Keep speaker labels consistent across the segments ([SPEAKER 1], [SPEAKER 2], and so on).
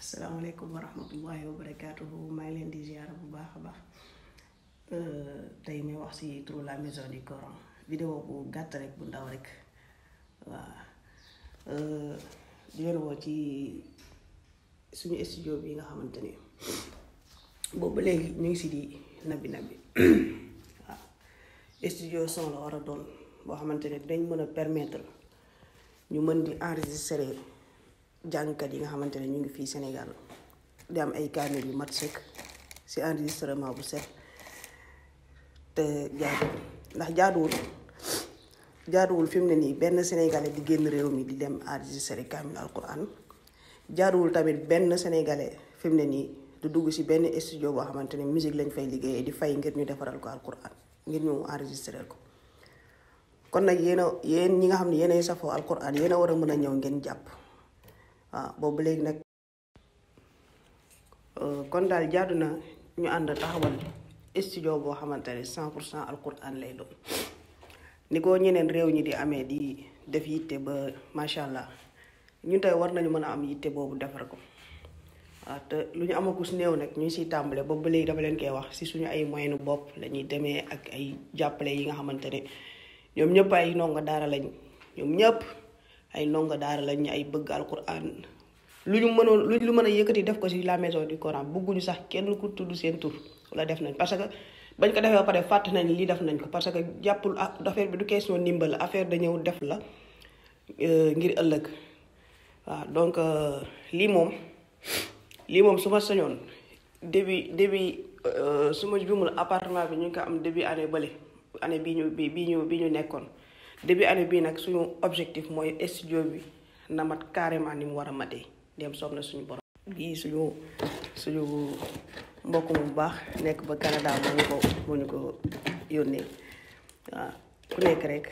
[SPEAKER 1] asalaamaaleykum wa rahmatullahi wa barakaatuhu maa ngi leen di ziara bu baax a baax euh, tey may wax ci turu la maison du Coran vidéo bu gàtt rek bu ndaw rek waaw euh, di leen woo ci suñu studio bi nga xamante ni boobu léegi ñu ngi si di nabi nabi waaw studio son la war a doon boo xamante ne dañ mën a permettre ñu mën di enregistrer. jàngkat yi nga xamante ne ñu ngi fii Sénégal di am ay kaamil yu mat sëkk si enregistrement bu set te jaaduwul ndax jaaduwul jaaduwul fi mu ne nii benn sénégalais di génn réew mi di dem enregistré kaamil alquran jaaduwul tamit benn sénégalais fi mu ne nii du dugg si benn studio boo xamante ne musique lañ fay liggéeyee di fay ngir ñu defaral ko alquran ngir ñu enregistré ko kon nag yéen a yéen ñi nga xam ne yéenay safoo alquran yéen a war a mën a ñëw ngeen jàpp. waaw ah, boobu léegi nag euh, kon daal jaadu na ñu ànd taxawal studio boo xamante ne cent pour cent alquran lay doon ni ko ñeneen réew ñi di amee di def yitte ba macha allah ñun tey war nañu mën a am yitte boobu defar ko waaw ah, te lu ñu amagus néew nag ñu siy tàmbale boobu ba léegi dama leen koy wax si suñu ay moyenu bopp lañuy demee ak ay jàppale yi nga xamante ne ñoom ñëpp ay ndongo daara lañ ñoom ñëpp ay ndongo daal lañ ñu ay bëgg alquran lu ñu mënoon lu ñu mën a yëkkati def ko si la maison du Coran bëgguñu sax kenn ku tudd seen tur la def nañ parce que bañ ko defee ba pare fàtt nañ lii def nañ ko parce que jàppul ah, affaire bi du question ndimbal affaire da ñëw def la euh, ngir ëllëg waaw donc euh, lii moom lii moom su ma sañoon début début euh, su ma jumul apartement bi ñu ngi ko am début année bële année bii ñu bii bi ñu bi ñu nekkoon début année bii nag suñu objectif mooy studio bi na mat carrément ni mu war a mate dem soob na suñu borom. gii suñu suñu mbokk bu baax nekk ba Canada moo ñu ko moo ñu ko yónnee waaw ku nekk rek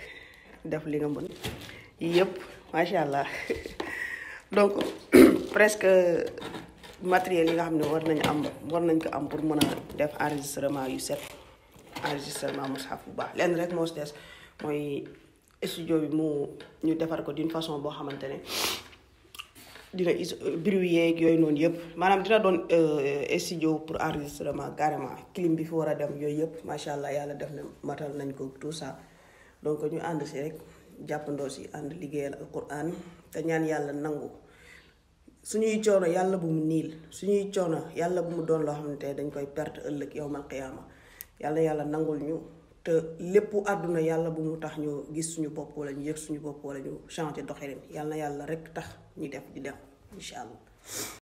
[SPEAKER 1] def li nga mën yii yëpp macha allah donc presque matériel yi nga xam ne war nañu am war nañ ko am pour mën a def enregistrement yu set enregistrement mu sax bu baax lenn rek moo des mooy studio bi mu ñu defar ko d'une façon boo xamante ne dina is bruit yeeg yooyu noonu yëpp maanaam dina doon euh, studio pour enregistrement carrément clim bi fu war a dem yooyu yëpp macha allah yàlla def na matal nañ ko tout ça donc ñu ànd si rek jàppandoo si ànd liggéeyal alquran te ñaan yàlla nangu suñuy coono yàlla bu mu niil suñuy coono yàlla bu mu doon loo xamante ne dañ koy perte ëllëg yowmal qiyaama yàlla yàlla nangul ñu. te lépp àdduna yàlla bu mu tax ñu gis suñu bopp wala ñu yëg suñu bopp wala ñu changer doxalin yàlla yàlla rek tax ñu def di def incha allah.